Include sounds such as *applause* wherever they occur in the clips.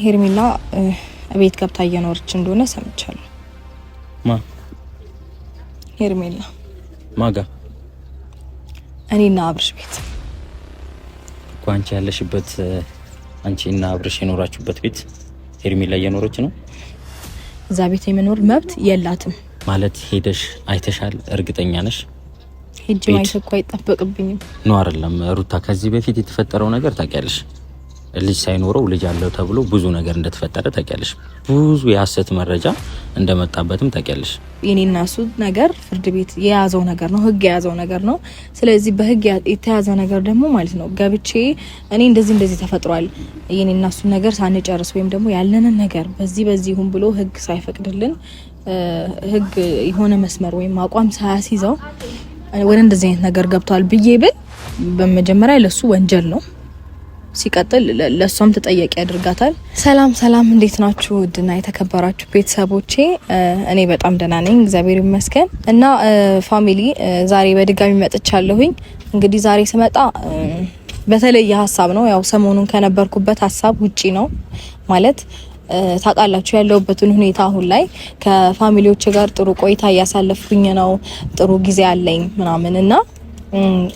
ሄርሜላ ቤት ገብታ እየኖረች እንደሆነ ሰምቻለሁ። ማ ሄርሜላ ማጋ? እኔና አብርሽ ቤት እኮ። አንቺ ያለሽበት አብርሽ የኖራችሁበት ቤት ሄርሜላ እየኖረች ነው። እዛ ቤት የመኖር መብት የላትም ማለት ሄደሽ አይተሻል? እርግጠኛ ነሽ? ሄጅ ማየት እኮ አይጠበቅብኝም ነው አይደለም ሩታ። ከዚህ በፊት የተፈጠረው ነገር ታውቂያለሽ ልጅ ሳይኖረው ልጅ አለው ተብሎ ብዙ ነገር እንደተፈጠረ ታውቂያለሽ። ብዙ የሀሰት መረጃ እንደመጣበትም ታውቂያለሽ። የኔና እሱ ነገር ፍርድ ቤት የያዘው ነገር ነው፣ ህግ የያዘው ነገር ነው። ስለዚህ በህግ የተያዘ ነገር ደግሞ ማለት ነው ገብቼ እኔ እንደዚህ እንደዚህ ተፈጥሯል የኔና እሱ ነገር ሳንጨርስ ወይም ደግሞ ያለንን ነገር በዚህ በዚህ ይሁን ብሎ ህግ ሳይፈቅድልን ህግ የሆነ መስመር ወይም አቋም ሳያስይዘው ወደ እንደዚህ አይነት ነገር ገብቷል ብዬ ብን በመጀመሪያ ለሱ ወንጀል ነው ሲቀጥል ለእሷም ተጠያቂ ያደርጋታል። ሰላም ሰላም፣ እንዴት ናችሁ? ውድና የተከበራችሁ ቤተሰቦቼ፣ እኔ በጣም ደህና ነኝ እግዚአብሔር ይመስገን። እና ፋሚሊ ዛሬ በድጋሚ መጥቻለሁኝ። እንግዲህ ዛሬ ስመጣ በተለየ ሀሳብ ነው። ያው ሰሞኑን ከነበርኩበት ሀሳብ ውጪ ነው ማለት ታውቃላችሁ ያለሁበትን ሁኔታ አሁን ላይ ከፋሚሊዎች ጋር ጥሩ ቆይታ እያሳለፍኩኝ ነው። ጥሩ ጊዜ አለኝ ምናምን እና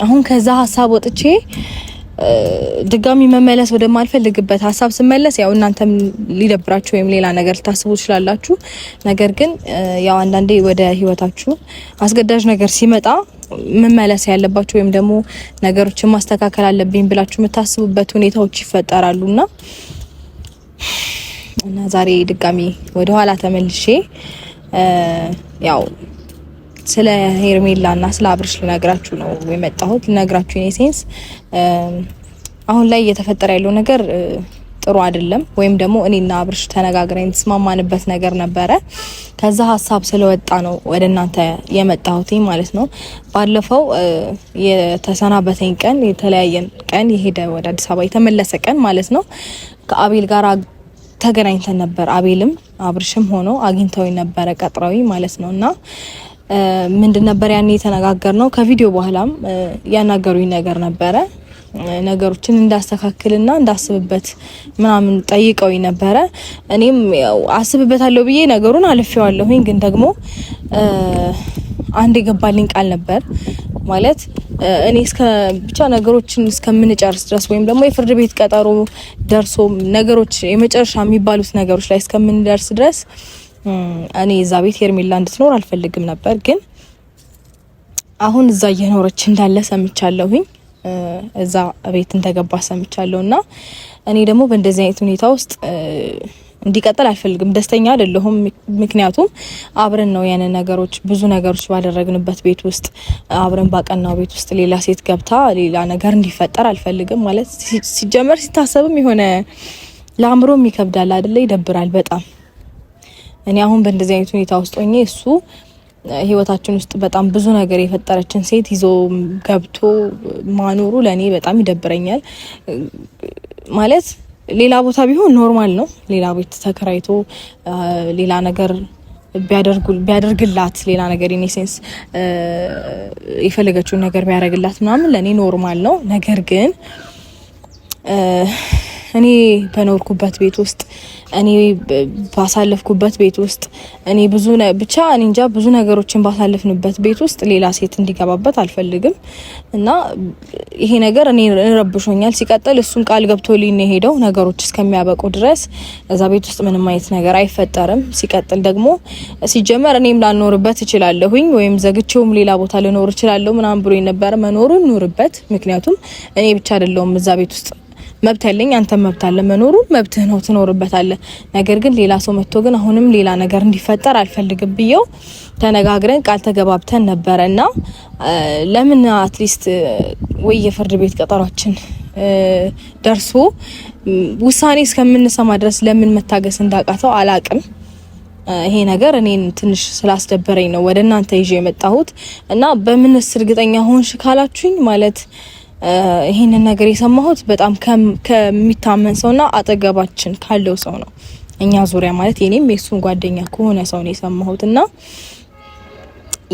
አሁን ከዛ ሀሳብ ወጥቼ ድጋሚ መመለስ ወደማልፈልግበት ሀሳብ ስመለስ ያው እናንተም ሊደብራችሁ ወይም ሌላ ነገር ልታስቡ ትችላላችሁ። ነገር ግን ያው አንዳንዴ ወደ ህይወታችሁ አስገዳጅ ነገር ሲመጣ መመለስ ያለባችሁ ወይም ደግሞ ነገሮችን ማስተካከል አለብኝ ብላችሁ የምታስቡበት ሁኔታዎች ይፈጠራሉና እና ዛሬ ድጋሚ ወደኋላ ተመልሼ ያው ስለ ሄርሜላ እና ስለ አብርሽ ልነግራችሁ ነው የመጣሁት። ልነግራችሁ ኔ ሴንስ አሁን ላይ እየተፈጠረ ያለው ነገር ጥሩ አይደለም። ወይም ደግሞ እኔና አብርሽ ተነጋግረን የተስማማንበት ነገር ነበረ። ከዛ ሀሳብ ስለወጣ ነው ወደ እናንተ የመጣሁት ማለት ነው። ባለፈው የተሰናበተኝ ቀን የተለያየን ቀን የሄደ ወደ አዲስ አበባ የተመለሰ ቀን ማለት ነው ከአቤል ጋር ተገናኝተን ነበር። አቤልም አብርሽም ሆኖ አግኝተው ነበረ ቀጥረዊ ማለት ነው እና ምንድን ነበር ያኔ የተነጋገር ነው። ከቪዲዮ በኋላም ያናገሩኝ ነገር ነበረ ነገሮችን እንዳስተካክልና እንዳስብበት ምናምን ጠይቀው ነበረ። እኔም ያው አስብበታለሁ ብዬ ነገሩን አልፌዋለሁኝ። ግን ደግሞ አንድ የገባልኝ ቃል ነበር ማለት እኔ እስከ ብቻ ነገሮችን እስከምንጨርስ ድረስ ወይም ደግሞ የፍርድ ቤት ቀጠሮ ደርሶ ነገሮች የመጨረሻ የሚባሉት ነገሮች ላይ እስከምንደርስ ድረስ እኔ እዛ ቤት ሄርሜላ እንድትኖር አልፈልግም ነበር፣ ግን አሁን እዛ እየኖረች እንዳለ ሰምቻለሁኝ። እዛ ቤት እንደገባ ሰምቻለሁ እና እኔ ደግሞ በእንደዚህ አይነት ሁኔታ ውስጥ እንዲቀጥል አልፈልግም። ደስተኛ አይደለሁም። ምክንያቱም አብረን ነው ያንን ነገሮች ብዙ ነገሮች ባደረግንበት ቤት ውስጥ አብረን ባቀናው ቤት ውስጥ ሌላ ሴት ገብታ ሌላ ነገር እንዲፈጠር አልፈልግም። ማለት ሲጀመር ሲታሰብም የሆነ ለአእምሮም ይከብዳል አይደለ? ይደብራል በጣም እኔ አሁን በእንደዚህ አይነት ሁኔታ ውስጥ ሆኜ እሱ ህይወታችን ውስጥ በጣም ብዙ ነገር የፈጠረችን ሴት ይዞ ገብቶ ማኖሩ ለእኔ በጣም ይደብረኛል። ማለት ሌላ ቦታ ቢሆን ኖርማል ነው። ሌላ ቤት ተከራይቶ ሌላ ነገር ቢያደርግላት ሌላ ነገር ኔ ሴንስ የፈለገችውን ነገር ቢያደርግላት ምናምን ለእኔ ኖርማል ነው። ነገር ግን እኔ በኖርኩበት ቤት ውስጥ እኔ ባሳለፍኩበት ቤት ውስጥ እኔ ብዙ ብቻ እኔ እንጃ ብዙ ነገሮችን ባሳለፍንበት ቤት ውስጥ ሌላ ሴት እንዲገባበት አልፈልግም እና ይሄ ነገር እኔ ረብሾኛል። ሲቀጥል እሱን ቃል ገብቶልኝ ነው የሄደው ነገሮች እስከሚያበቁ ድረስ እዛ ቤት ውስጥ ምንም አይነት ነገር አይፈጠርም። ሲቀጥል ደግሞ ሲጀመር እኔም ላልኖርበት እችላለሁኝ ወይም ዘግቼውም ሌላ ቦታ ልኖር እችላለሁ ምናምን ብሎ የነበረ መኖሩን ኑርበት። ምክንያቱም እኔ ብቻ አይደለሁም እዛ ቤት ውስጥ መብት ያለኝ አንተ መብት አለ መኖሩ መብትህ ነው ትኖርበታለህ። ነገር ግን ሌላ ሰው መጥቶ ግን አሁንም ሌላ ነገር እንዲፈጠር አልፈልግም ብየው ተነጋግረን ቃል ተገባብተን ነበረ እና ለምን አትሊስት ወይ የፍርድ ቤት ቀጠሯችን ደርሶ ውሳኔ እስከምንሰማ ድረስ ለምን መታገስ እንዳቃተው አላቅም። ይሄ ነገር እኔን ትንሽ ስላስደበረኝ ነው ወደ እናንተ ይዤ የመጣሁት እና በምንስ እርግጠኛ ሆንሽ ካላችሁኝ ማለት ይህንን ነገር የሰማሁት በጣም ከሚታመን ሰውና አጠገባችን ካለው ሰው ነው። እኛ ዙሪያ ማለት የኔም የሱን ጓደኛ ከሆነ ሰው ነው የሰማሁት እና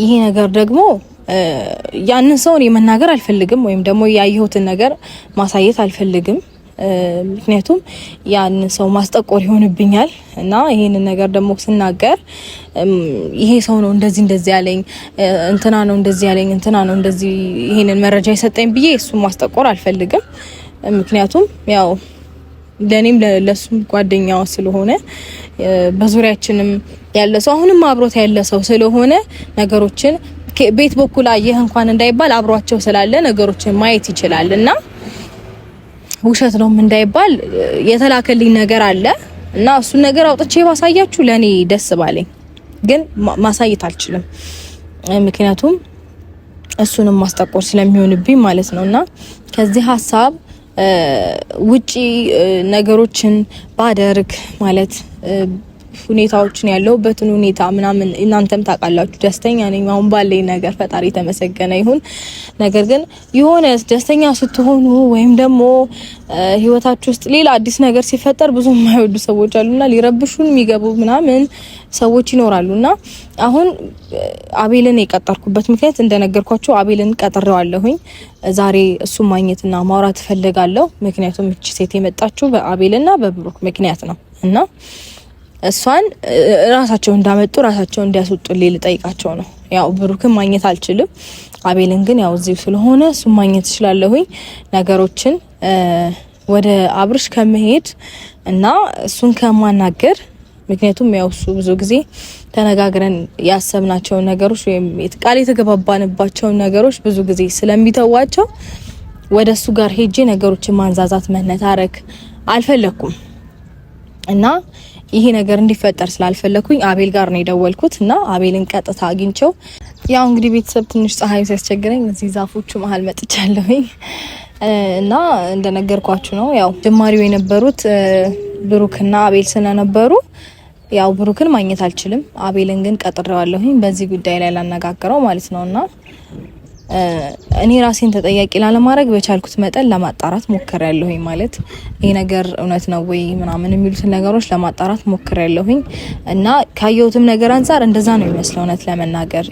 ይሄ ነገር ደግሞ ያንን ሰውን የመናገር አልፈልግም፣ ወይም ደግሞ ያየሁትን ነገር ማሳየት አልፈልግም። ምክንያቱም ያን ሰው ማስጠቆር ይሆንብኛል እና ይሄንን ነገር ደግሞ ስናገር ይሄ ሰው ነው እንደዚህ እንደዚህ ያለኝ እንትና ነው እንደዚህ ያለኝ እንትና ነው እንደዚህ ይሄንን መረጃ የሰጠኝ ብዬ እሱን ማስጠቆር አልፈልግም። ምክንያቱም ያው ለእኔም ለእሱም ጓደኛው ስለሆነ በዙሪያችንም ያለ ሰው አሁንም አብሮት ያለ ሰው ስለሆነ ነገሮችን ቤት በኩል አየህ እንኳን እንዳይባል አብሯቸው ስላለ ነገሮችን ማየት ይችላል እና ውሸት ነው እንዳይባል የተላከልኝ ነገር አለ እና እሱን ነገር አውጥቼ ባሳያችሁ ለኔ ደስ ባለኝ፣ ግን ማሳየት አልችልም። ምክንያቱም እሱንም ማስጠቆር ስለሚሆንብኝ ማለት ነው። እና ከዚህ ሀሳብ ውጪ ነገሮችን ባደርግ ማለት ሁኔታዎችን ያለሁበትን ሁኔታ ምናምን እናንተም ታውቃላችሁ። ደስተኛ ነኝ አሁን ባለኝ ነገር ፈጣሪ የተመሰገነ ይሁን። ነገር ግን የሆነ ደስተኛ ስትሆኑ ወይም ደግሞ ህይወታችሁ ውስጥ ሌላ አዲስ ነገር ሲፈጠር ብዙ የማይወዱ ሰዎች አሉና ሊረብሹን የሚገቡ ምናምን ሰዎች ይኖራሉና አሁን አቤልን የቀጠርኩበት ምክንያት እንደነገርኳቸው አቤልን ቀጥሬዋለሁኝ። ዛሬ እሱ ማግኘትና ማውራት እፈልጋለሁ። ምክንያቱም እቺ ሴት የመጣችው በአቤልና በብሩክ ምክንያት ነው እና እሷን ራሳቸው እንዳመጡ ራሳቸው እንዲያስወጡልኝ ልጠይቃቸው ነው። ያው ብሩክን ማግኘት አልችልም። አቤልን ግን ያው እዚህ ስለሆነ እሱ ማግኘት እችላለሁኝ። ነገሮችን ወደ አብርሽ ከመሄድ እና እሱን ከማናገር ምክንያቱም ያው እሱ ብዙ ጊዜ ተነጋግረን ያሰብናቸውን ነገሮች ወይም ቃል የተገባባንባቸውን ነገሮች ብዙ ጊዜ ስለሚተዋቸው ወደ እሱ ጋር ሄጄ ነገሮችን ማንዛዛት መነታረክ አልፈለኩም እና ይሄ ነገር እንዲፈጠር ስላልፈለኩኝ አቤል ጋር ነው የደወልኩት እና አቤልን ቀጥታ አግኝቸው ያው እንግዲህ ቤተሰብ ትንሽ ፀሐይ ሲያስቸግረኝ እዚህ ዛፎቹ መሀል መጥቻለሁኝ *laughs* እና እንደነገርኳችሁ ነው። ያው ጀማሪው የነበሩት ብሩክና አቤል ስለነበሩ ያው ብሩክን ማግኘት አልችልም። አቤልን ግን ቀጥሬዋለሁኝ በዚህ ጉዳይ ላይ ላነጋግረው ማለት ነውና እኔ ራሴን ተጠያቂ ላለማድረግ በቻልኩት መጠን ለማጣራት ሞክር ያለሁኝ ማለት ይህ ነገር እውነት ነው ወይ ምናምን የሚሉትን ነገሮች ለማጣራት ሞክር ያለሁኝ እና ካየሁትም ነገር አንጻር እንደዛ ነው የሚመስለው። እውነት ለመናገር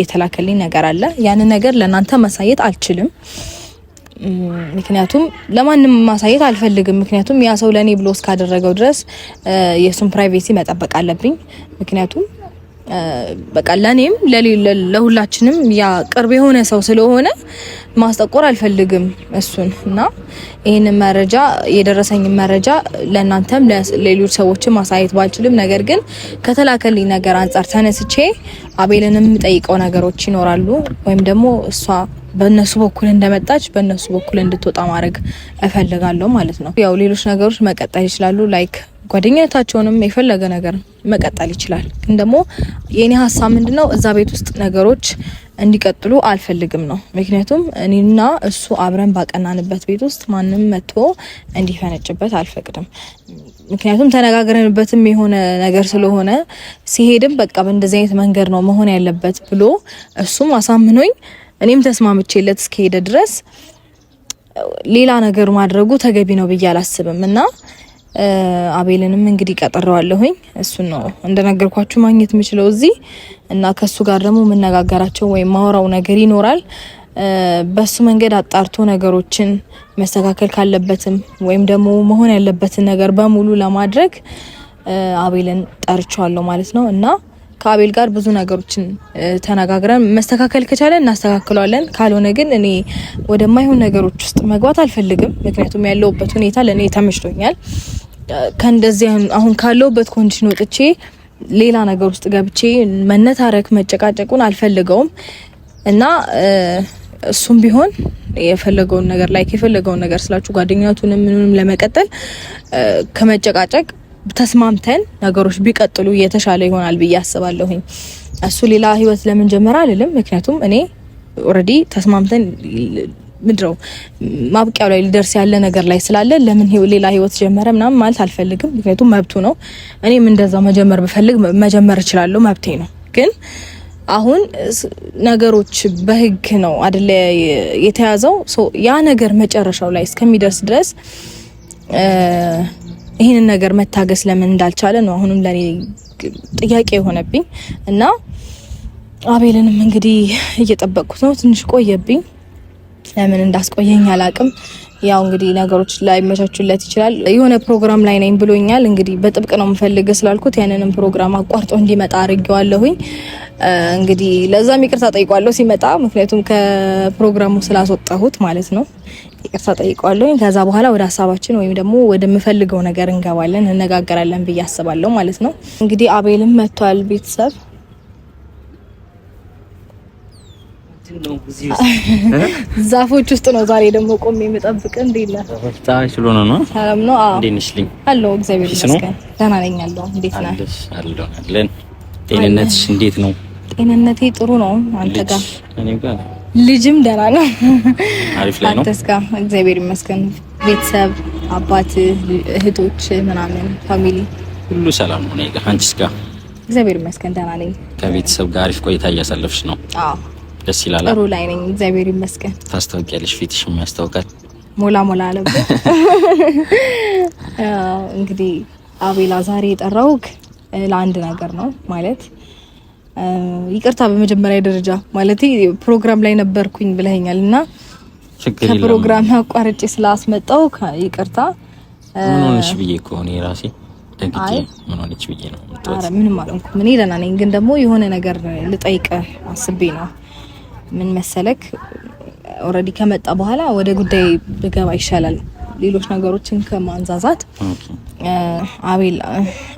የተላከልኝ ነገር አለ። ያንን ነገር ለእናንተ ማሳየት አልችልም። ምክንያቱም ለማንም ማሳየት አልፈልግም። ምክንያቱም ያ ሰው ለእኔ ብሎ እስካደረገው ድረስ የእሱን ፕራይቬሲ መጠበቅ አለብኝ። ምክንያቱም በቃ ለኔም ለሁላችንም ያ ቅርብ የሆነ ሰው ስለሆነ ማስጠቆር አልፈልግም እሱን እና ይህንን መረጃ የደረሰኝን መረጃ ለእናንተም ለሌሎች ሰዎች ማሳየት ባልችልም፣ ነገር ግን ከተላከልኝ ነገር አንጻር ተነስቼ አቤልንም የምጠይቀው ነገሮች ይኖራሉ ወይም ደግሞ እሷ በእነሱ በኩል እንደመጣች በእነሱ በኩል እንድትወጣ ማድረግ እፈልጋለሁ ማለት ነው። ያው ሌሎች ነገሮች መቀጠል ይችላሉ ላይክ ጓደኝነታቸውንም የፈለገ ነገር መቀጠል ይችላል። ግን ደግሞ የኔ ሀሳብ ምንድነው እዛ ቤት ውስጥ ነገሮች እንዲቀጥሉ አልፈልግም ነው። ምክንያቱም እኔና እሱ አብረን ባቀናንበት ቤት ውስጥ ማንም መጥቶ እንዲፈነጭበት አልፈቅድም። ምክንያቱም ተነጋግረንበትም የሆነ ነገር ስለሆነ ሲሄድም በቃ በእንደዚህ አይነት መንገድ ነው መሆን ያለበት ብሎ እሱም አሳምኖኝ እኔም ተስማምቼለት እስከሄደ ድረስ ሌላ ነገር ማድረጉ ተገቢ ነው ብዬ አላስብም እና አቤልንም እንግዲህ ቀጥረዋለሁኝ እሱን ነው እንደነገርኳችሁ ማግኘት የምችለው እዚህ እና ከሱ ጋር ደግሞ የምነጋገራቸው ወይም ማውራው ነገር ይኖራል። በሱ መንገድ አጣርቶ ነገሮችን መስተካከል ካለበትም ወይም ደግሞ መሆን ያለበትን ነገር በሙሉ ለማድረግ አቤልን ጠርቸዋለሁ ማለት ነው እና ከአቤል ጋር ብዙ ነገሮችን ተነጋግረን መስተካከል ከቻለ እናስተካክለዋለን። ካልሆነ ግን እኔ ወደማይሆን ነገሮች ውስጥ መግባት አልፈልግም። ምክንያቱም ያለውበት ሁኔታ ለእኔ ተመችቶኛል። ከእንደዚህ አሁን ካለውበት ኮንዲሽን ወጥቼ ሌላ ነገር ውስጥ ገብቼ መነታረክ መጨቃጨቁን አልፈልገውም እና እሱም ቢሆን የፈለገውን ነገር ላይ የፈለገውን ነገር ስላችሁ ጓደኛቱንም ምንም ለመቀጠል ከመጨቃጨቅ ተስማምተን ነገሮች ቢቀጥሉ የተሻለ ይሆናል ብዬ አስባለሁኝ። እሱ ሌላ ህይወት ለምን ጀመረ አልልም። ምክንያቱም እኔ ኦልሬዲ ተስማምተን ምድረው ማብቂያው ላይ ሊደርስ ያለ ነገር ላይ ስላለ ለምን ሌላ ህይወት ጀመረ ምናምን ማለት አልፈልግም። ምክንያቱም መብቱ ነው። እኔም እንደዛው መጀመር ብፈልግ መጀመር እችላለሁ፣ መብቴ ነው። ግን አሁን ነገሮች በህግ ነው አደለ የተያዘው። ያ ነገር መጨረሻው ላይ እስከሚደርስ ድረስ ይህንን ነገር መታገስ ለምን እንዳልቻለ ነው አሁንም ለኔ ጥያቄ የሆነብኝ እና አቤልንም እንግዲህ እየጠበቅኩት ነው። ትንሽ ቆየብኝ። ለምን እንዳስቆየኝ አላቅም። ያው እንግዲህ ነገሮች መቻቹለት ይችላል። የሆነ ፕሮግራም ላይ ነኝ ብሎኛል። እንግዲህ በጥብቅ ነው የምፈልገ ስላልኩት ያንንም ፕሮግራም አቋርጦ እንዲመጣ አድርጌዋለሁኝ። እንግዲህ ለዛም ይቅርታ ጠይቋለሁ ሲመጣ፣ ምክንያቱም ከፕሮግራሙ ስላስወጣሁት ማለት ነው። ይቅርታ ጠይቋለሁኝ። ከዛ በኋላ ወደ ሀሳባችን ወይም ደግሞ ወደምፈልገው ነገር እንገባለን፣ እነጋገራለን ብዬ አስባለሁ ማለት ነው። እንግዲህ አቤልም መጥቷል ቤተሰብ ዛፎች ውስጥ ነው ዛሬ ደግሞ ቆሜ የምጠብቅ። እንዴት ነህ? ፀሐይ ስለሆነ ነው። ሰላም ነው? አዎ። እንዴት ነሽ? ልኝ አለሁ። እግዚአብሔር ይመስገን ደህና ነኝ። አለሁ። እንዴት ነህ? አለሁ። አለን። ጤንነትሽ እንዴት ነው? ጤንነቴ ጥሩ ነው። አንተ ጋር? እኔ ጋር ልጅም ደህና ነው። አሪፍ ላይ ነው። አንተስ ጋር? እግዚአብሔር ይመስገን። ቤተሰብ፣ አባት፣ እህቶች ምናምን ፋሚሊ ሁሉ ሰላም ነው። እኔ ጋር። አንቺስ ጋር? እግዚአብሔር ይመስገን ደህና ነኝ። ከቤተሰብ ጋር አሪፍ ቆይታ እያሳለፍሽ ነው? አዎ ደስ ይላል። ጥሩ ላይ ነኝ፣ እግዚአብሔር ይመስገን። ታስታውቂያለሽ፣ ፊትሽ የሚያስታውቃል። ሞላ ሞላ አለበት። *laughs* እንግዲህ አቤላ ዛሬ የጠራውክ ለአንድ ነገር ነው ማለት ይቅርታ፣ በመጀመሪያ ደረጃ ማለት ፕሮግራም ላይ ነበርኩኝ ብለኸኛል እና ከፕሮግራም አቋርጬ ስላስመጣው ይቅርታ። ምን ሆነሽ ብዬ ከሆነ ራሴ ደግጬ ምን ሆነች ብዬ ነው። ምንም አልሆንኩም እኔ ደህና ነኝ፣ ግን ደግሞ የሆነ ነገር ልጠይቅህ አስቤ ነው ምን መሰለክ ኦልሬዲ ከመጣ በኋላ ወደ ጉዳይ ብገባ ይሻላል፣ ሌሎች ነገሮችን ከማንዛዛት። አቤል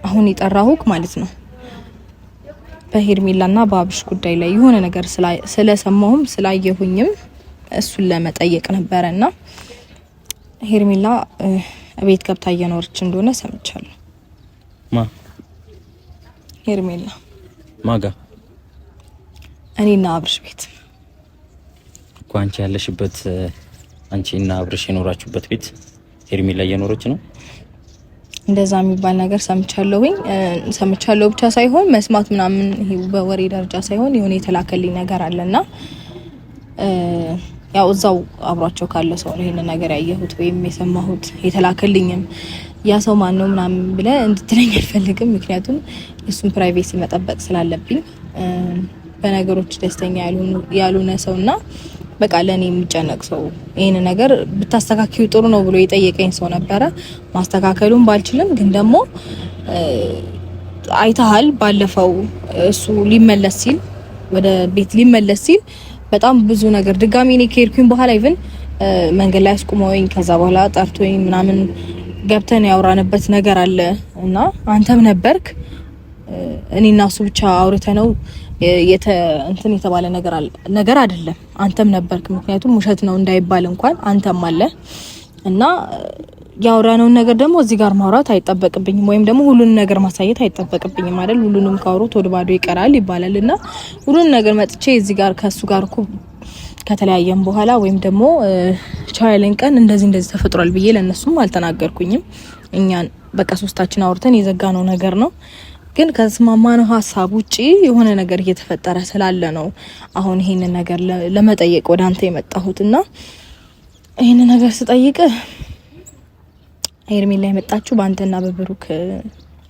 አሁን የጠራሁህ ማለት ነው በሄርሜላና በአብርሽ ጉዳይ ላይ የሆነ ነገር ስለሰማሁም ስላየሁኝም እሱን ለመጠየቅ ነበረ እና ሄርሜላ ቤት ገብታ እየኖረች እንደሆነ ሰምቻለሁ። ማ ሄርሜላ ማጋ እኔና አብርሽ ቤት እኮ አንቺ ያለሽበት አንቺ እና አብርሽ የኖራችሁበት ቤት ላይ የኖረች ነው። እንደዛ የሚባል ነገር ሰምቻለሁኝ። ሰምቻለሁ ብቻ ሳይሆን መስማት ምናምን በወሬ ደረጃ ሳይሆን የሆነ የተላከልኝ ነገር አለና ያው እዛው አብሯቸው ካለ ሰው ነው ይሄን ነገር ያየሁት ወይም የሰማሁት። የተላከልኝም ያ ሰው ማን ነው ምናምን ብለ እንድትለኝ አልፈልግም፣ ምክንያቱም እሱን ፕራይቬሲ መጠበቅ ስላለብኝ በነገሮች ደስተኛ ያልሆነ ሰውና በቃ ለእኔ የሚጨነቅ ሰው ይህን ነገር ብታስተካክዩ ጥሩ ነው ብሎ የጠየቀኝ ሰው ነበረ። ማስተካከሉን ባልችልም ግን ደግሞ አይተሃል፣ ባለፈው እሱ ሊመለስ ሲል ወደ ቤት ሊመለስ ሲል በጣም ብዙ ነገር ድጋሚ እኔ ከሄድኩኝ በኋላ ኢቭን መንገድ ላይ አስቁመውኝ ከዛ በኋላ ጠርቶኝ ምናምን ገብተን ያወራንበት ነገር አለ እና አንተም ነበርክ እኔ እና እሱ ብቻ አውርተ ነው እንትን የተባለ ነገር አይደለም። አንተም ነበርክ። ምክንያቱም ውሸት ነው እንዳይባል እንኳን አንተም አለ እና ያወራነውን ነገር ደግሞ እዚህ ጋር ማውራት አይጠበቅብኝም፣ ወይም ደግሞ ሁሉን ነገር ማሳየት አይጠበቅብኝም አይደል? ሁሉንም ካወሩት ወደ ባዶ ይቀራል ይባላል እና ሁሉን ነገር መጥቼ እዚህ ጋር ከእሱ ጋር እኮ ከተለያየም በኋላ ወይም ደግሞ ቻይልን ቀን እንደዚህ እንደዚህ ተፈጥሯል ብዬ ለእነሱም አልተናገርኩኝም። እኛን በቃ ሶስታችን አውርተን የዘጋነው ነገር ነው። ግን ከስማማነው ሀሳብ ውጪ የሆነ ነገር እየተፈጠረ ስላለ ነው አሁን ይህን ነገር ለመጠየቅ ወደ አንተ የመጣሁት እና ይህን ነገር ስጠይቅ ላይ የመጣችሁ በአንተና በብሩክ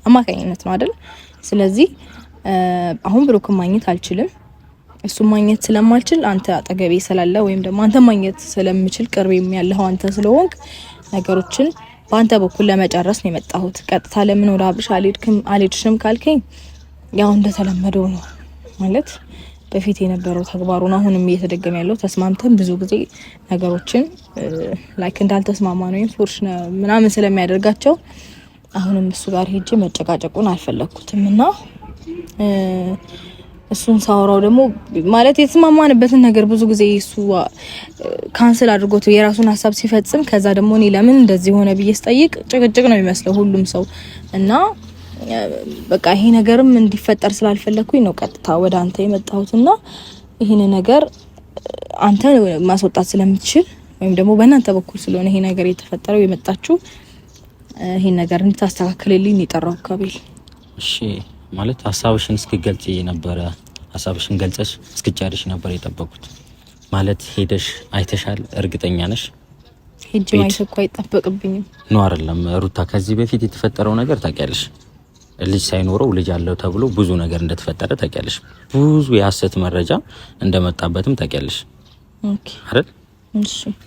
አማካኝነት ነው አይደል? ስለዚህ አሁን ብሩክ ማግኘት አልችልም። እሱን ማግኘት ስለማልችል አንተ አጠገቤ ስላለ ወይም ደግሞ አንተ ማግኘት ስለምችል ቅርቤም ያለኸው አንተ ስለሆንክ ነገሮችን በአንተ በኩል ለመጨረስ ነው የመጣሁት። ቀጥታ ለምን ወደ አብርሽ አልሄድሽም ካልከኝ ያው እንደተለመደው ነው ማለት በፊት የነበረው ተግባሩን አሁንም እየተደገመ ያለው ተስማምተን ብዙ ጊዜ ነገሮችን ላይክ እንዳልተስማማ ነው ወይም ፎርሽ ምናምን ስለሚያደርጋቸው አሁንም እሱ ጋር ሄጄ መጨቃጨቁን አልፈለግኩትም እና እሱን ሳወራው ደግሞ ማለት የተስማማንበትን ነገር ብዙ ጊዜ እሱ ካንስል አድርጎት የራሱን ሀሳብ ሲፈጽም ከዛ ደግሞ እኔ ለምን እንደዚህ ሆነ ብዬ ስጠይቅ ጭቅጭቅ ነው የሚመስለው ሁሉም ሰው እና በቃ ይሄ ነገርም እንዲፈጠር ስላልፈለግኩኝ ነው ቀጥታ ወደ አንተ የመጣሁት እና ይህን ነገር አንተ ማስወጣት ስለምትችል ወይም ደግሞ በእናንተ በኩል ስለሆነ ይሄ ነገር የተፈጠረው የመጣችሁ ይሄን ነገር እንድታስተካክልልኝ የጠራው አካባቢ እሺ ማለት ሀሳብሽን እስክገልጽ ነበረ ሀሳብሽን ገልጸሽ እስክጨርሽ ነበር የጠበቁት። ማለት ሄደሽ አይተሻል? እርግጠኛ ነሽ? ሄጅ ማየት እኮ አይጠበቅብኝም። ኖ አይደለም ሩታ፣ ከዚህ በፊት የተፈጠረው ነገር ታውቂያለሽ። ልጅ ሳይኖረው ልጅ አለው ተብሎ ብዙ ነገር እንደተፈጠረ ታውቂያለሽ። ብዙ የሀሰት መረጃ እንደመጣበትም ታውቂያለሽ አይደል?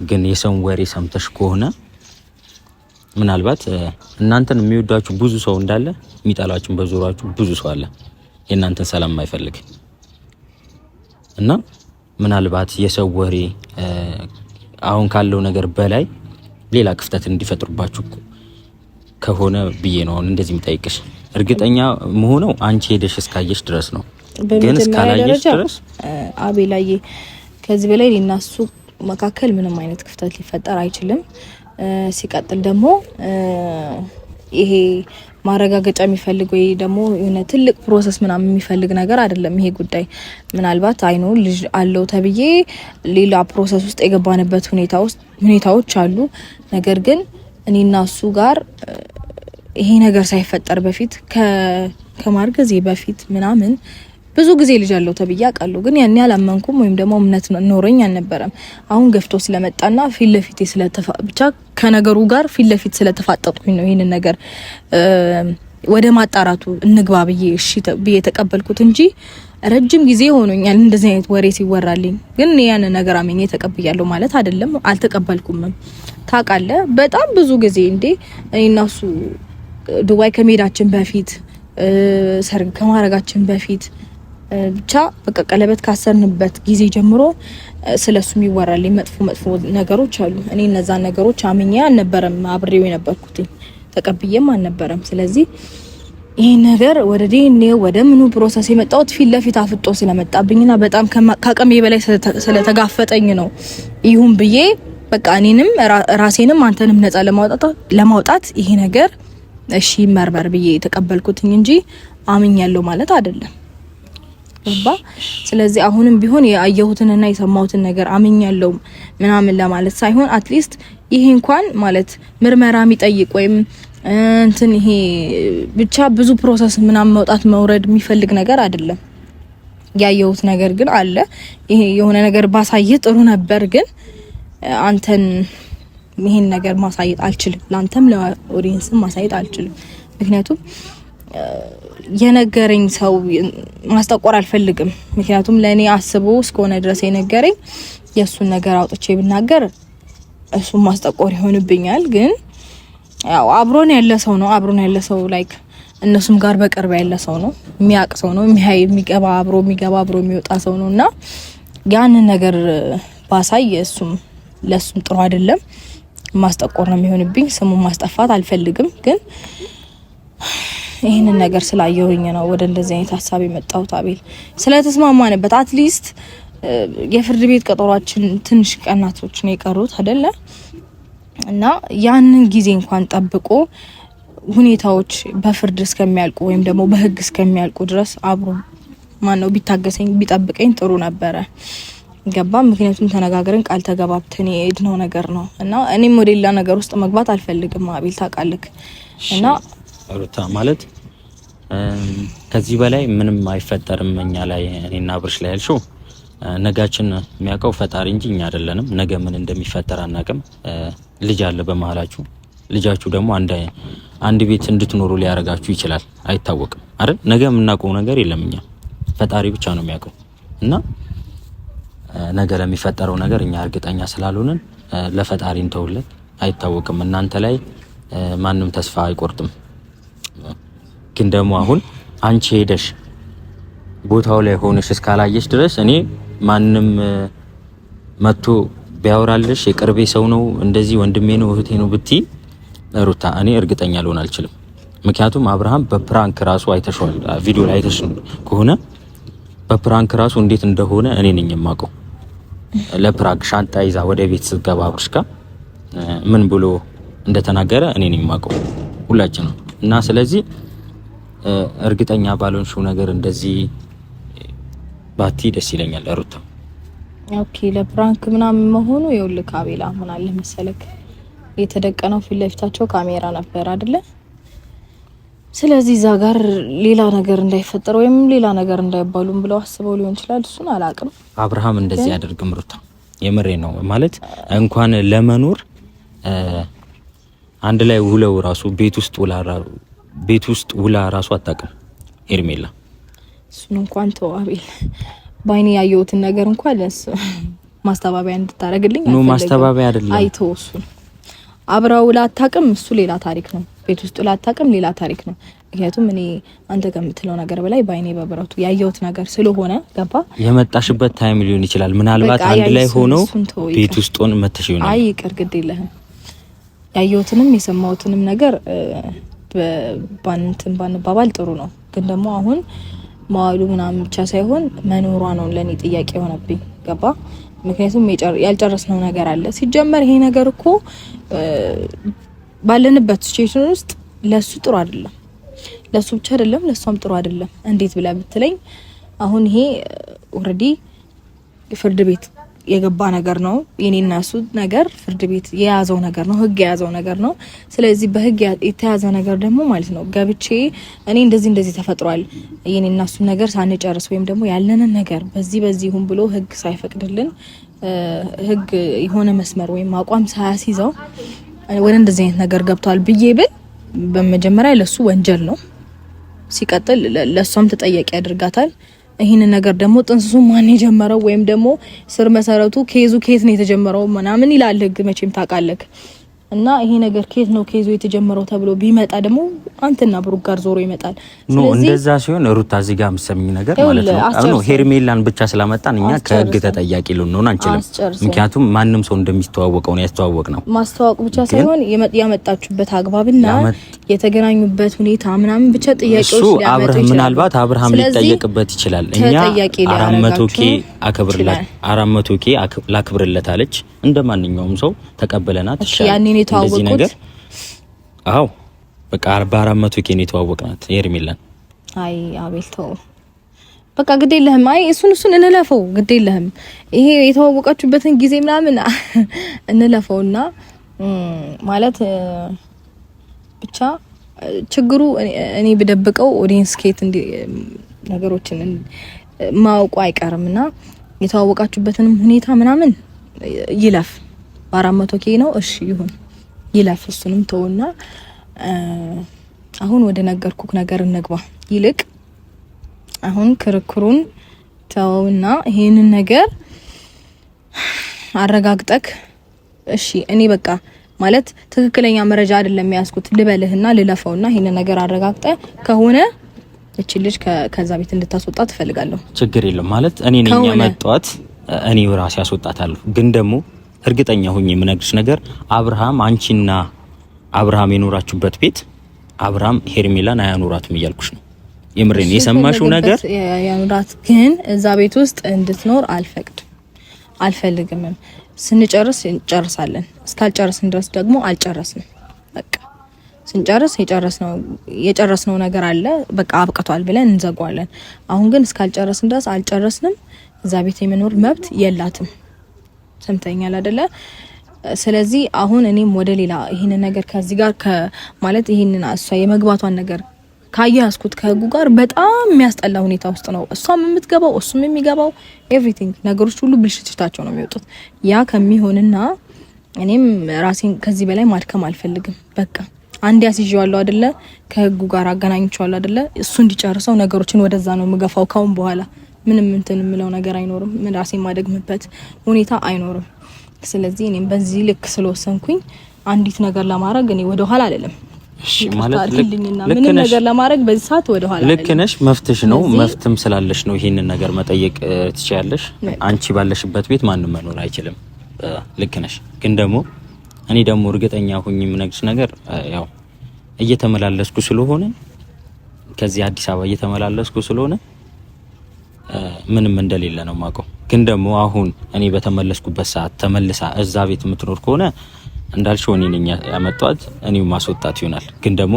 ግን የሰውን ወሬ ሰምተሽ ከሆነ ምናልባት እናንተን የሚወዳችሁ ብዙ ሰው እንዳለ የሚጠላችሁ በዙሪያችሁ ብዙ ሰው አለ፣ የእናንተን ሰላም የማይፈልግ እና ምናልባት የሰው ወሬ አሁን ካለው ነገር በላይ ሌላ ክፍተት እንዲፈጥሩባችሁ ከሆነ ብዬ ነው እንደዚህ የሚጠይቅሽ። እርግጠኛ መሆነው አንቺ ሄደሽ እስካየሽ ድረስ ነው። ግን እስካላየሽ ድረስ አቤላዬ፣ ከዚህ በላይ እኔና መካከል ምንም አይነት ክፍተት ሊፈጠር አይችልም። ሲቀጥል ደግሞ ይሄ ማረጋገጫ የሚፈልግ ወይ ደግሞ የሆነ ትልቅ ፕሮሰስ ምናምን የሚፈልግ ነገር አይደለም። ይሄ ጉዳይ ምናልባት አይኖ ልጅ አለው ተብዬ ሌላ ፕሮሰስ ውስጥ የገባንበት ሁኔታዎች አሉ። ነገር ግን እኔና እሱ ጋር ይሄ ነገር ሳይፈጠር በፊት ከማርገዜ በፊት ምናምን ብዙ ጊዜ ልጅ አለው ተብዬ አውቃለሁ፣ ግን ያኔ አላመንኩም ወይም ደግሞ እምነት ኖረኝ አልነበረም። አሁን ገፍቶ ስለመጣና ፊት ለፊቴ ስለተፋ ብቻ ከነገሩ ጋር ፊት ለፊት ስለተፋጠጥኩኝ ነው ይህንን ነገር ወደ ማጣራቱ እንግባ ብዬ እሺ ብዬ ተቀበልኩት እንጂ ረጅም ጊዜ ሆኖኛል እንደዚህ አይነት ወሬ ሲወራልኝ። ግን ያን ነገር አምኜ ተቀብያለሁ ማለት አይደለም፣ አልተቀበልኩምም። ታቃለ በጣም ብዙ ጊዜ እንዴ እኔና እሱ ዱባይ ከመሄዳችን በፊት ሰርግ ከማረጋችን በፊት ብቻ በቃ ቀለበት ካሰርንበት ጊዜ ጀምሮ ስለሱ ይወራል። መጥፎ መጥፎ ነገሮች አሉ። እኔ እነዛን ነገሮች አምኜ አልነበረም አብሬው የነበርኩትኝ ተቀብዬም አልነበረም። ስለዚህ ይህ ነገር ወደ ዲኔ ወደ ምኑ ፕሮሰስ የመጣሁት ፊት ለፊት አፍጦ ስለመጣብኝና በጣም ከአቅሜ በላይ ስለተጋፈጠኝ ነው። ይሁን ብዬ በቃ እኔንም ራሴንም አንተንም ነጻ ለማውጣት ይሄ ነገር እሺ መርመር ብዬ የተቀበልኩትኝ እንጂ አምኛለሁ ማለት አይደለም። ገባ። ስለዚህ አሁንም ቢሆን ያየሁትንና የሰማሁትን ነገር አምኛለሁ ምናምን ለማለት ሳይሆን አትሊስት ይሄ እንኳን ማለት ምርመራ የሚጠይቅ ወይም እንትን ይሄ ብቻ ብዙ ፕሮሰስ ምናምን መውጣት መውረድ የሚፈልግ ነገር አይደለም። ያየሁት ነገር ግን አለ። ይሄ የሆነ ነገር ባሳየት ጥሩ ነበር፣ ግን አንተን ይሄን ነገር ማሳየት አልችልም፣ ላንተም ለኦዲየንስም ማሳየት አልችልም። ምክንያቱም የነገረኝ ሰው ማስጠቆር አልፈልግም። ምክንያቱም ለእኔ አስቦ እስከሆነ ድረስ የነገረኝ የእሱን ነገር አውጥቼ ብናገር እሱን ማስጠቆር ይሆንብኛል። ግን ያው አብሮን ያለ ሰው ነው። አብሮን ያለ ሰው ላይክ እነሱም ጋር በቅርብ ያለ ሰው ነው፣ የሚያውቅ ሰው ነው፣ የሚያይ የሚገባ አብሮ የሚገባ አብሮ የሚወጣ ሰው ነው እና ያንን ነገር ባሳይ እሱም ለእሱም ጥሩ አይደለም። ማስጠቆር ነው የሚሆንብኝ። ስሙን ማስጠፋት አልፈልግም ግን ይህንን ነገር ስላየሁኝ ነው ወደ እንደዚህ አይነት ሀሳብ የመጣሁት። አቤል ስለተስማማንበት አትሊስት የፍርድ ቤት ቀጠሯችን ትንሽ ቀናቶች ነው የቀሩት አይደለ? እና ያንን ጊዜ እንኳን ጠብቆ ሁኔታዎች በፍርድ እስከሚያልቁ ወይም ደግሞ በህግ እስከሚያልቁ ድረስ አብሮ ማን ነው ቢታገሰኝ ቢጠብቀኝ ጥሩ ነበረ። ገባ? ምክንያቱም ተነጋግረን ቃል ተገባብተን የሄድነው ነገር ነው እና እኔም ወደ ሌላ ነገር ውስጥ መግባት አልፈልግም አቤል ታውቃለህ እና ሩታ ማለት ከዚህ በላይ ምንም አይፈጠርም። እኛ ላይ እኔና ብርሽ ላይ ያልሽው ነጋችን የሚያውቀው ፈጣሪ እንጂ እኛ አይደለንም። ነገ ምን እንደሚፈጠር አናውቅም። ልጅ አለ በመሀላችሁ። ልጃችሁ ደግሞ አንድ ቤት እንድትኖሩ ሊያደርጋችሁ ይችላል። አይታወቅም አይደል? ነገ የምናውቀው ነገር የለም። እኛ ፈጣሪ ብቻ ነው የሚያውቀው እና ነገ ለሚፈጠረው ነገር እኛ እርግጠኛ ስላልሆንን ለፈጣሪ እንተውለት። አይታወቅም። እናንተ ላይ ማንም ተስፋ አይቆርጥም። ግን ደግሞ አሁን አንቺ ሄደሽ ቦታው ላይ ሆነሽ እስካላየሽ ድረስ እኔ ማንም መጥቶ ቢያወራልሽ የቅርቤ ሰው ነው እንደዚህ ወንድሜ ነው እህቴ ነው ብቲ ሩታ እኔ እርግጠኛ ልሆን አልችልም። ምክንያቱም አብርሃም በፕራንክ ራሱ አይተሽዋል፣ ቪዲዮ ላይ አይተሽ ከሆነ በፕራንክ ራሱ እንዴት እንደሆነ እኔ ነኝ የማውቀው። ለፕራንክ ሻንጣ ይዛ ወደ ቤት ስትገባ አብርሽ ጋር ምን ብሎ እንደተናገረ እኔ ነኝ የማውቀው ሁላችን ነው እና ስለዚህ እርግጠኛ ባልሆንሽው ነገር እንደዚህ ባቲ ደስ ይለኛል። ሩታ ኦኬ፣ ለፕራንክ ምናምን መሆኑ የውል ካቤላ ምን አለ መሰለክ የተደቀነው ፊት ለፊታቸው ካሜራ ነበር አይደለ? ስለዚህ እዛ ጋር ሌላ ነገር እንዳይፈጠር ወይም ሌላ ነገር እንዳይባሉም ብለው አስበው ሊሆን ይችላል። እሱን አላቅም። አብርሃም እንደዚህ አያደርግም ሩታ፣ የምሬ ነው። ማለት እንኳን ለመኖር አንድ ላይ ውለው ራሱ ቤት ውስጥ ውላ ቤት ውስጥ ውላ ራሱ አታውቅም ሄርሜላ። እሱን እንኳን ተው አቤል፣ በአይኔ ያየሁትን ነገር እንኳን ለእሱ ማስተባበያ እንድታደርግልኝ ኖ፣ ማስተባበያ አይደለም አይቶ እሱን አብራ ውላ አታውቅም። እሱ ሌላ ታሪክ ነው። ቤት ውስጥ ውላ አታውቅም፣ ሌላ ታሪክ ነው። ምክንያቱም እኔ አንተ ከምትለው ነገር በላይ በአይኔ በብረቱ ያየሁት ነገር ስለሆነ ገባ። የመጣሽበት ታይም ሊሆን ይችላል። ምናልባት አንድ ላይ ሆኖ ቤት ውስጥ ሆን መተሽ ይሆናል። አይ ይቅር፣ ግድ የለህም። ያየሁትንም የሰማሁትንም ነገር ባንትን ባንባባል ጥሩ ነው። ግን ደግሞ አሁን መዋሉ ምናምን ብቻ ሳይሆን መኖሯ ነው ለእኔ ጥያቄ የሆነብኝ ገባ። ምክንያቱም ያልጨረስነው ነገር አለ። ሲጀመር ይሄ ነገር እኮ ባለንበት ሲቹዌሽን ውስጥ ለሱ ጥሩ አይደለም፣ ለሱ ብቻ አይደለም፣ ለሷም ጥሩ አይደለም። እንዴት ብላ ብትለኝ አሁን ይሄ ኦልሬዲ ፍርድ ቤት የገባ ነገር ነው። የኔና እሱ ነገር ፍርድ ቤት የያዘው ነገር ነው፣ ህግ የያዘው ነገር ነው። ስለዚህ በህግ የተያዘ ነገር ደግሞ ማለት ነው ገብቼ እኔ እንደዚህ እንደዚህ ተፈጥሯል የኔና እሱን ነገር ሳንጨርስ ወይም ደግሞ ያለንን ነገር በዚህ በዚህ ይሁን ብሎ ህግ ሳይፈቅድልን ህግ የሆነ መስመር ወይም አቋም ሳያስይዘው ወደ እንደዚህ አይነት ነገር ገብቷል ብዬ ብል በመጀመሪያ ለሱ ወንጀል ነው፣ ሲቀጥል ለእሷም ተጠያቂ ያደርጋታል። ይህን ነገር ደግሞ ጥንስሱ ማን የጀመረው ወይም ደግሞ ስር መሰረቱ ኬዙ ኬት ነው የተጀመረው ምናምን ይላል ህግ። መቼም ታውቃለህ እና ይሄ ነገር ከየት ነው ከይዞ የተጀመረው ተብሎ ቢመጣ ደግሞ አንተና ብሩክ ጋር ዞሮ ይመጣል። እንደዛ ሲሆን ሩታ እዚህ ጋር የምትሰሚኝ ነገር ማለት ነው ሄርሜላን ብቻ ስላመጣን እኛ ከህግ ተጠያቂ ልንሆን አንችልም። ምክንያቱም ማንም ሰው እንደሚስተዋወቀው ነው ያስተዋወቅ ነው ማስተዋወቅ ብቻ ሳይሆን ያመጣችሁበት አግባብና የተገናኙበት ሁኔታ ምናምን ብቻ ጥያቄዎች ሊያመጡ ይችላል። ምናልባት አብርሃም ሊጠየቅበት ይችላል። እኛ አራት መቶ ኬ አክብርላት አራት መቶ ኬ እንደ ማንኛውም ሰው ተቀበለናት ይችላል የተዋወቁት? አዎ በቃ አርባ አራት መቶ ኬን ነው የተዋወቅናት ሄርሜላን። አይ አቤል ተው በቃ ግድ የለህም። አይ እሱን እሱን እንለፈው፣ ግድ የለህም። ይሄ የተዋወቃችሁበትን ጊዜ ምናምን *laughs* እንለፈውና ማለት ብቻ ችግሩ እኔ ብደብቀው ኦዲየንስ ኬት እንዲ ነገሮችን ማወቁ አይቀርም እና የተዋወቃችሁበትንም ሁኔታ ምናምን ይለፍ። በአራት መቶ ኬ ነው እሺ ይሁን። ይለፍ። እሱንም ተውና አሁን ወደ ነገርኩክ ነገር እንግባ። ይልቅ አሁን ክርክሩን ተውና ይሄንን ነገር አረጋግጠክ እሺ፣ እኔ በቃ ማለት ትክክለኛ መረጃ አይደለም ያዝኩት ልበልህና ልለፈውና ይሄንን ነገር አረጋግጠ ከሆነ እቺ ልጅ ከዛ ቤት እንድታስወጣ ትፈልጋለሁ። ችግር የለም ማለት እኔ ነኝ ያመጣኋት፣ እኔ ራሴ አስወጣታለሁ ግን ደግሞ እርግጠኛ ሆኜ የምነግርሽ ነገር አብርሃም አንቺና አብርሃም የኖራችሁበት ቤት አብርሃም ሄርሜላን አያኖራትም እያልኩሽ ነው። የምሬን የሰማሽው ነገር ያኖራት፣ ግን እዛ ቤት ውስጥ እንድትኖር አልፈቅድ አልፈልግምም። ስንጨርስ እንጨርሳለን። እስካልጨርስን ድረስ ደግሞ አልጨረስንም። በቃ ስንጨርስ የጨረስነው የጨረስነው ነገር አለ፣ በቃ አብቅቷል ብለን እንዘጓለን። አሁን ግን እስካልጨረስን ድረስ አልጨረስንም። እዛ ቤት የመኖር መብት የላትም። ሰምተኛል አደለ? ስለዚህ አሁን እኔም ወደ ሌላ ይህን ነገር ከዚህ ጋር ማለት ይህንን እሷ የመግባቷን ነገር ካያያዝኩት ከህጉ ጋር በጣም የሚያስጠላ ሁኔታ ውስጥ ነው እሷም የምትገባው እሱም የሚገባው ኤቭሪቲንግ ነገሮች ሁሉ ብልሽትሽታቸው ነው የሚወጡት። ያ ከሚሆንና እኔም ራሴን ከዚህ በላይ ማድከም አልፈልግም። በቃ አንድ ያስይዤዋለሁ አደለ? ከህጉ ጋር አገናኝቼዋለሁ አደለ? እሱ እንዲጨርሰው ነገሮችን ወደዛ ነው የምገፋው ካሁን በኋላ ምንም እንትን የምለው ነገር አይኖርም። ራሴ የማደግምበት ሁኔታ አይኖርም። ስለዚህ እኔም በዚህ ልክ ስለወሰንኩኝ አንዲት ነገር ለማድረግ እኔ ወደ ኋላ አልልም። ምንም ነገር ለማድረግ በዚህ ሰዓት ወደ ኋላ ልክ ነሽ። መፍትሽ ነው መፍትም ስላለሽ ነው ይህንን ነገር መጠየቅ ትችያለሽ። አንቺ ባለሽበት ቤት ማንም መኖር አይችልም። ልክ ነሽ። ግን ደግሞ እኔ ደግሞ እርግጠኛ ሁኝ የምነግርሽ ነገር ያው እየተመላለስኩ ስለሆነ ከዚህ አዲስ አበባ እየተመላለስኩ ስለሆነ ምንም እንደሌለ ነው ማውቀው። ግን ደግሞ አሁን እኔ በተመለስኩበት ሰዓት ተመልሳ እዛ ቤት የምትኖር ከሆነ እንዳልሽው እኔ ነኝ ያመጣኋት፣ እኔው ማስወጣት ይሆናል። ግን ደግሞ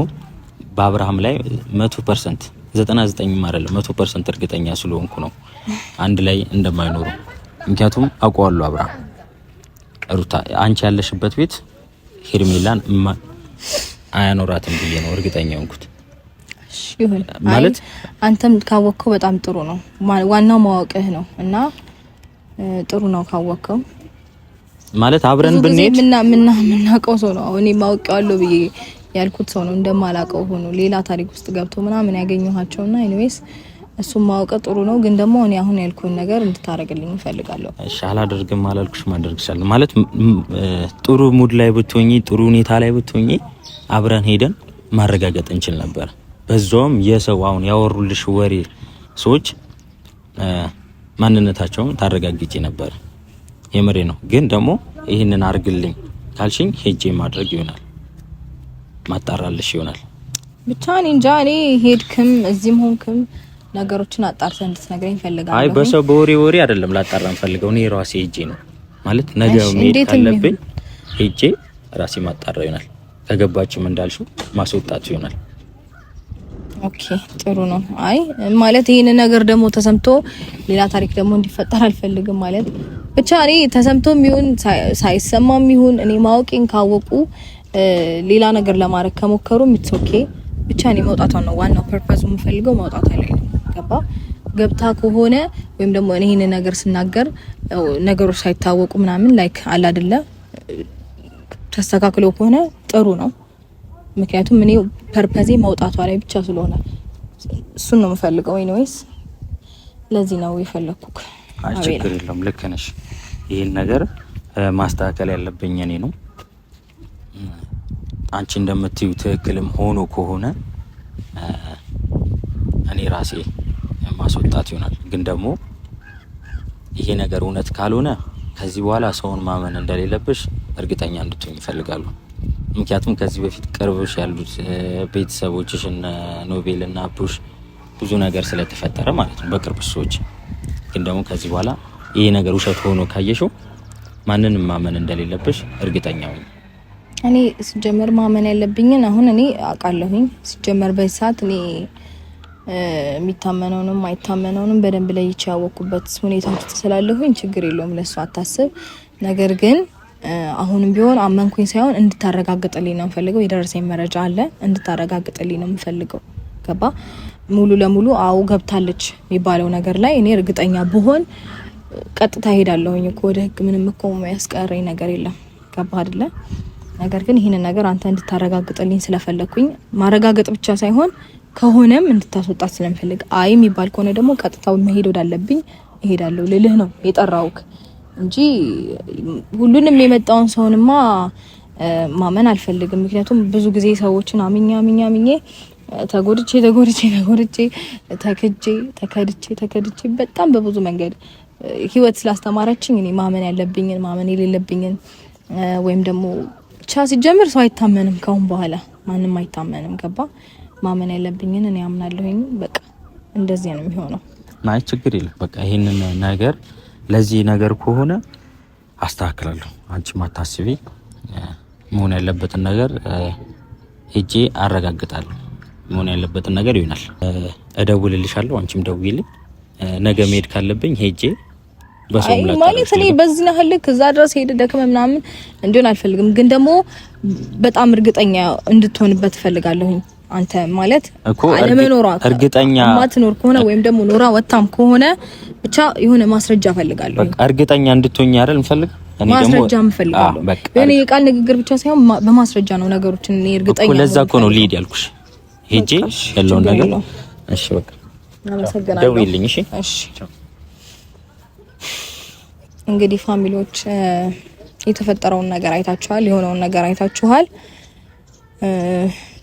በአብርሃም ላይ መቶ ፐርሰንት ዘጠና ዘጠኝም መቶ ፐርሰንት እርግጠኛ ስለሆንኩ ነው አንድ ላይ እንደማይኖሩ። ምክንያቱም አውቀዋለሁ አብርሃም ሩታ አንቺ ያለሽበት ቤት ሄርሜላን አያኖራትም ብዬ ነው እርግጠኛ ሆንኩት። ማለት አንተም ካወቅከው በጣም ጥሩ ነው። ዋናው ማወቅህ ነው እና ጥሩ ነው ካወቅከው ማለት አብረን ብንሄድ ምና ምና ምናውቀው ሰው ነው። እኔ ማውቀዋለሁ ብዬ ያልኩት ሰው ነው እንደማላውቀው ሆኖ ሌላ ታሪክ ውስጥ ገብቶ ምናምን ያገኘኋቸውና ኤኒዌይስ እሱም ማወቀ ጥሩ ነው። ግን ደግሞ እኔ አሁን ያልኩህን ነገር እንድታረግልኝ እፈልጋለሁ። እሺ፣ አላደርግም አላልኩሽም፣ አደርግሻለሁ ማለት ጥሩ ሙድ ላይ ብትሆኚ፣ ጥሩ ሁኔታ ላይ ብትሆኚ አብረን ሄደን ማረጋገጥ እንችል ነበር። በዛውም የሰው አሁን ያወሩልሽ ወሬ ሰዎች ማንነታቸውን ታረጋግጪ ነበር። የምሬ ነው። ግን ደግሞ ይህንን አርግልኝ ካልሽኝ ሄጄ ማድረግ ይሆናል ማጣራልሽ ይሆናል። ብቻ እኔ እንጃ። እኔ ሄድክም እዚህም ሆንክም ነገሮችን አጣርተን እንድትነግረኝ ፈልጋለሁ። አይ በሰው በወሬ ወሬ አይደለም ላጣራ ፈልገው እኔ ራሴ ሄጄ ነው ማለት ነገ ሄድ ካለብኝ ሄጄ ራሴ ማጣራ ይሆናል። ከገባችም እንዳልሽው ማስወጣት ይሆናል። ኦኬ ጥሩ ነው። አይ ማለት ይሄን ነገር ደግሞ ተሰምቶ ሌላ ታሪክ ደግሞ እንዲፈጠር አልፈልግም። ማለት ብቻ እኔ ተሰምቶም ይሁን ሳይሰማም ይሁን እኔ ማወቄን ካወቁ ሌላ ነገር ለማድረግ ከሞከሩ ምትሶኬ ብቻ እኔ መውጣቷን ነው ዋናው ፐርፐዝ የምፈልገው መውጣቷ ላይ ነው። ገባ ገብታ ከሆነ ወይም ደግሞ እኔ ይሄን ነገር ስናገር ነገሮች ሳይታወቁ ምናምን ላይክ አለ አይደለ ተስተካክሎ ከሆነ ጥሩ ነው። ምክንያቱም እኔ ፐርፐዜ መውጣቷ ላይ ብቻ ስለሆነ እሱን ነው የምፈልገው። ወይስ ለዚህ ነው የፈለግኩክ? ችግር የለውም ልክ ነሽ። ይህን ነገር ማስተካከል ያለብኝ እኔ ነው። አንቺ እንደምትዩ ትክክልም ሆኖ ከሆነ እኔ ራሴ ማስወጣት ይሆናል። ግን ደግሞ ይሄ ነገር እውነት ካልሆነ ከዚህ በኋላ ሰውን ማመን እንደሌለብሽ እርግጠኛ እንድትሆኝ ይፈልጋሉ። ምክንያቱም ከዚህ በፊት ቅርብሽ ያሉት ቤተሰቦችሽ እነ ኖቤል እና አቡሽ ብዙ ነገር ስለተፈጠረ ማለት ነው በቅርብ ሰዎች። ግን ደግሞ ከዚህ በኋላ ይሄ ነገር ውሸት ሆኖ ካየሽው ማንንም ማመን እንደሌለብሽ እርግጠኛ ነኝ። እኔ ሲጀመር ማመን ያለብኝን አሁን እኔ አውቃለሁኝ። ሲጀመር በዚህ ሰዓት እኔ የሚታመነውንም አይታመነውንም በደንብ ላይ ያወቅኩበት ሁኔታ ውስጥ ስላለሁኝ ችግር የለውም፣ ለሱ አታስብ። ነገር ግን አሁንም ቢሆን አመንኩኝ ሳይሆን እንድታረጋግጥልኝ ነው የምፈልገው። የደረሰኝ መረጃ አለ፣ እንድታረጋግጥልኝ ነው የምፈልገው። ገባ? ሙሉ ለሙሉ አዎ ገብታለች የሚባለው ነገር ላይ እኔ እርግጠኛ ብሆን ቀጥታ ሄዳለሁኝ እኮ ወደ ህግ። ምንም እኮ የሚያስቀረኝ ነገር የለም። ገባ አይደለ? ነገር ግን ይህንን ነገር አንተ እንድታረጋግጥልኝ ስለፈለግኩኝ ማረጋገጥ ብቻ ሳይሆን ከሆነም እንድታስወጣት ስለምፈልግ አይ የሚባል ከሆነ ደግሞ ቀጥታው መሄድ ወዳለብኝ እሄዳለሁ ልልህ ነው የጠራውክ። እንጂ ሁሉንም የመጣውን ሰውንማ ማመን አልፈልግም። ምክንያቱም ብዙ ጊዜ ሰዎችን አምኜ አምኜ አምኜ ተጎድቼ ተጎድቼ ተጎድቼ ተክጄ ተከድቼ ተከድቼ በጣም በብዙ መንገድ ህይወት ስላስተማረችኝ እኔ ማመን ያለብኝን ማመን የሌለብኝን ወይም ደግሞ ብቻ ሲጀምር ሰው አይታመንም። ከሁን በኋላ ማንም አይታመንም። ገባ? ማመን ያለብኝን እኔ አምናለሁኝ። በቃ እንደዚያ ነው የሚሆነው። ናይ ችግር የለም። በቃ ይህንን ነገር ለዚህ ነገር ከሆነ አስተካክላለሁ። አንቺ ማታስቢ መሆን ያለበትን ነገር ሄጄ አረጋግጣለሁ። መሆን ያለበትን ነገር ይሆናል። እደውልልሻለሁ፣ አንቺም ደውይልኝ። ነገ መሄድ ካለብኝ ሄጄ ማለት እኔ በዚህ ያህል እዛ ድረስ ሄደ ደክመ ምናምን እንዲሆን አልፈልግም፣ ግን ደግሞ በጣም እርግጠኛ እንድትሆንበት እፈልጋለሁኝ አንተ ማለት አለመኖሯ እርግጠኛ ማትኖር ከሆነ ወይም ደግሞ ኖራ ወጣም ከሆነ ብቻ የሆነ ማስረጃ እፈልጋለሁ። እርግጠኛ እንድትሆኝ አይደል እንፈልግ ማስረጃ እፈልጋለሁ። የሆነ የቃል ንግግር ብቻ ሳይሆን በማስረጃ ነው ነገሮችን። እኔ እርግጠኛ እኮ ለዛ እኮ ነው ልሂድ ያልኩሽ። ሄጄ ያለውን ነገር እሺ፣ በቃ አመሰግናለሁ። ደውይልኝ። እሺ፣ እሺ። እንግዲህ ፋሚሊዎች የተፈጠረውን ነገር አይታችኋል፣ የሆነውን ነገር አይታችኋል።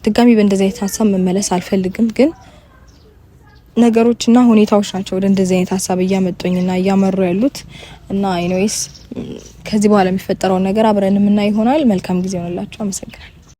ድጋሚ በእንደዚህ አይነት ሀሳብ መመለስ አልፈልግም። ግን ነገሮችና ሁኔታዎች ናቸው ወደ እንደዚህ አይነት ሀሳብ እያመጡኝና እያመሩ ያሉት እና አይኖዌስ ከዚህ በኋላ የሚፈጠረውን ነገር አብረን የምናይ ይሆናል። መልካም ጊዜ ሆንላቸው። አመሰግናለሁ።